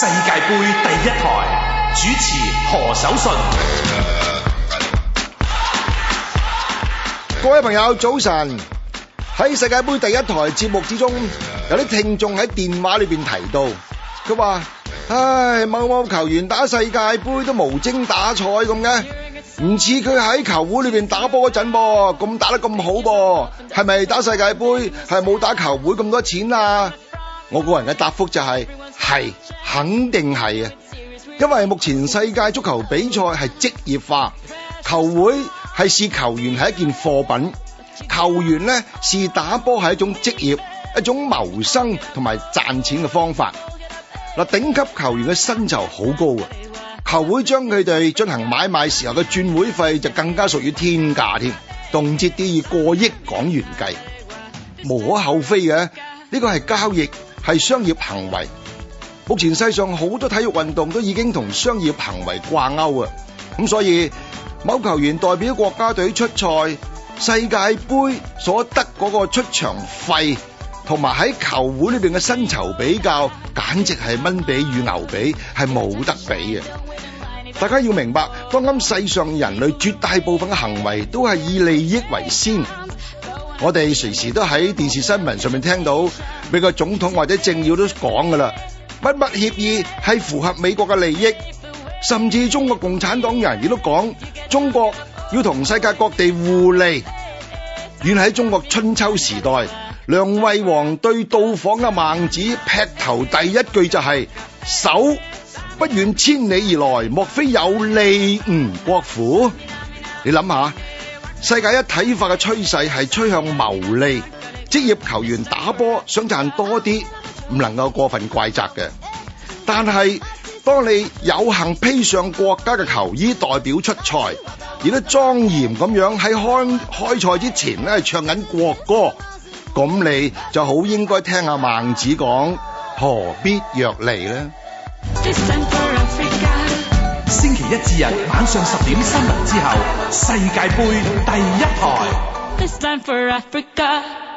世界盃第一台主持何守信，各位朋友早晨。喺世界盃第一台節目之中，有啲聽眾喺電話裏邊提到，佢話：唉，某某球員打世界盃都無精打采咁嘅，唔似佢喺球會裏邊打波嗰陣噃，咁打得咁好噃，係咪打世界盃係冇打球會咁多錢啊？我個人嘅答覆就係。係，肯定係啊！因為目前世界足球比賽係職業化，球會係視球員係一件貨品，球員呢視打波係一種職業，一種謀生同埋賺錢嘅方法。嗱，頂級球員嘅薪酬好高啊！球會將佢哋進行買賣時候嘅轉會費就更加屬於天價添，動輒啲以過億港元計，無可厚非嘅。呢個係交易，係商業行為。目前世上好多體育運動都已經同商業行為掛鈎啊！咁所以某球員代表國家隊出賽世界杯所得嗰個出場費，同埋喺球會裏邊嘅薪酬比較，簡直係蚊比與牛比係冇得比嘅。大家要明白，當今世上人類絕大部分嘅行為都係以利益為先。我哋隨時都喺電視新聞上面聽到，美國總統或者政要都講噶啦。不密協議係符合美國嘅利益，甚至中國共產黨人亦都講，中國要同世界各地互利。遠喺中國春秋時代，梁惠王對到訪嘅孟子劈頭第一句就係、是，叟不遠千里而來，莫非有利吾、嗯、國乎？你諗下，世界一體化嘅趨勢係趨向牟利，職業球員打波想賺多啲。唔能夠過分怪責嘅。但係當你有幸披上國家嘅球衣代表出賽，亦都莊嚴咁樣喺開開賽之前咧唱緊國歌，咁你就好應該聽阿孟子講，何必曰利呢。星期一至日晚上十點新聞之後，世界盃第一台。